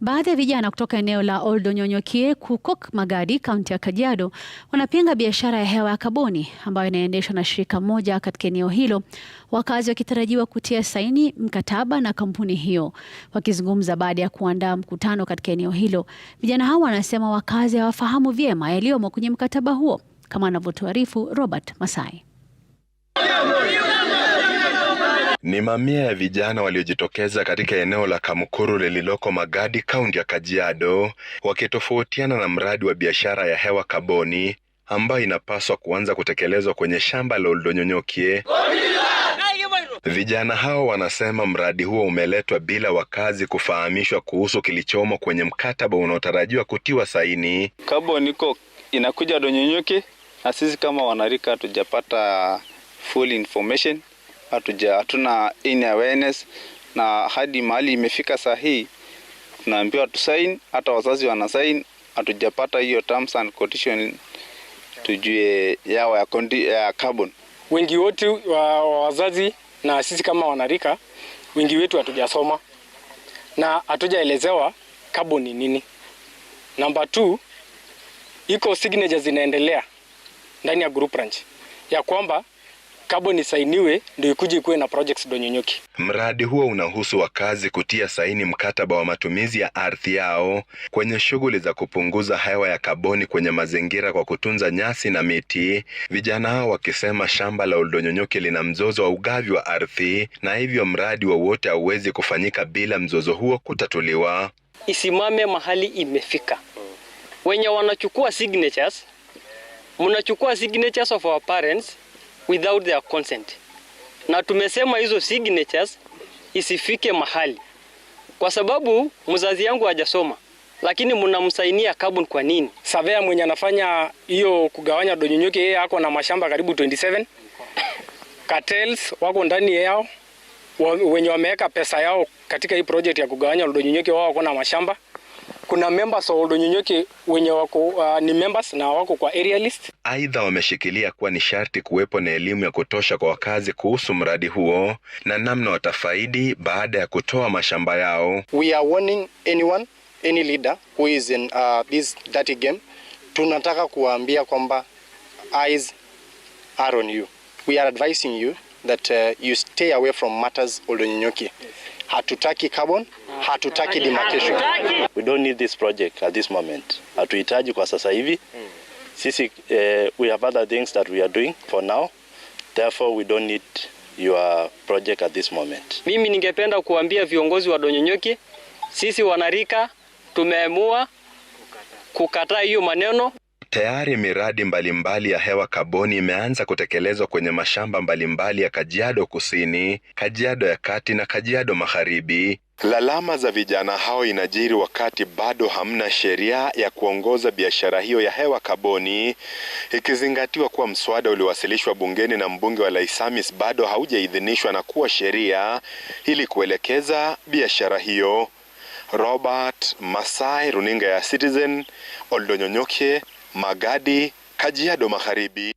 Baadhi ya vijana kutoka eneo la Oldonyonyokie, Kukok, Magadi, kaunti ya Kajiado wanapinga biashara ya hewa ya kaboni ambayo inaendeshwa na shirika moja katika eneo hilo, wakazi wakitarajiwa kutia saini mkataba na kampuni hiyo. Wakizungumza baada ya kuandaa mkutano katika eneo hilo, vijana hao wanasema wakazi hawafahamu vyema yaliyomo kwenye mkataba huo, kama anavyotuarifu Robert Masai. Ni mamia ya vijana waliojitokeza katika eneo la Kamukuru lililoko Magadi, kaunti ya Kajiado, wakitofautiana na mradi wa biashara ya hewa kaboni ambayo inapaswa kuanza kutekelezwa kwenye shamba la Oldonyonyokie. Vijana hao wanasema mradi huo umeletwa bila wakazi kufahamishwa kuhusu kilichomo kwenye mkataba unaotarajiwa kutiwa saini. Kaboni iko inakuja Donyonyokie na sisi kama wanarika hatujapata full information hatuja hatuna in awareness, na hadi mahali imefika saa hii tunaambiwa tusain, hata wazazi wana sain hatujapata hiyo terms and condition tujue yao ya, kondi, ya carbon. Wengi wote wa wazazi na sisi kama wanarika, wengi wetu hatujasoma na hatujaelezewa carbon ni nini. Namba two, iko signature zinaendelea ndani ya group branch ya kwamba carbon isainiwe ndio ikuje kuwe na projects donyonyoki. Mradi huo unahusu wakazi kutia saini mkataba wa matumizi ya ardhi yao kwenye shughuli za kupunguza hewa ya kaboni kwenye mazingira kwa kutunza nyasi na miti, vijana hao wakisema shamba la Oldonyonyoki lina mzozo wa ugavi wa ardhi na hivyo mradi wowote hauwezi kufanyika bila mzozo huo kutatuliwa. Isimame mahali imefika. Wenye wanachukua signatures, mnachukua signatures of our parents without their consent, na tumesema hizo signatures isifike mahali, kwa sababu mzazi yangu hajasoma, lakini mnamsainia carbon. kwa nini? Savea mwenye anafanya hiyo kugawanya Donyonyoke, yeye ako na mashamba karibu 27 cartels wako ndani yao wenye wameweka pesa yao katika hii project ya kugawanya Donyonyoke, wao wako na mashamba kuna members wa Oldonyonyoki wenye wako uh, ni members na wako kwa area list. Aidha, wameshikilia kuwa ni sharti kuwepo na elimu ya kutosha kwa wakazi kuhusu mradi huo na namna watafaidi baada ya kutoa mashamba yao. We are warning anyone any leader who is in uh, this dirty game. Tunataka kuwaambia kwamba eyes are on you. We are advising you that uh, you stay away from matters Oldonyonyoki. Hatutaki carbon hatutaki demarcation. We don't need this project at this moment. Hatuhitaji kwa sasa hivi. Hmm. Sisi uh, we have other things that we are doing for now. Therefore we don't need your project at this moment. Mimi ningependa kuambia viongozi wa Donyonyoki, sisi wanarika tumeamua kukataa hiyo maneno. Tayari miradi mbalimbali mbali ya hewa kaboni imeanza kutekelezwa kwenye mashamba mbalimbali mbali ya Kajiado Kusini, Kajiado ya Kati na Kajiado Magharibi Lalama za vijana hao inajiri wakati bado hamna sheria ya kuongoza biashara hiyo ya hewa kaboni, ikizingatiwa kuwa mswada uliowasilishwa bungeni na mbunge wa Laisamis bado haujaidhinishwa na kuwa sheria ili kuelekeza biashara hiyo. Robert Masai, runinga ya Citizen, Oldonyonyoke, Magadi, Kajiado Magharibi.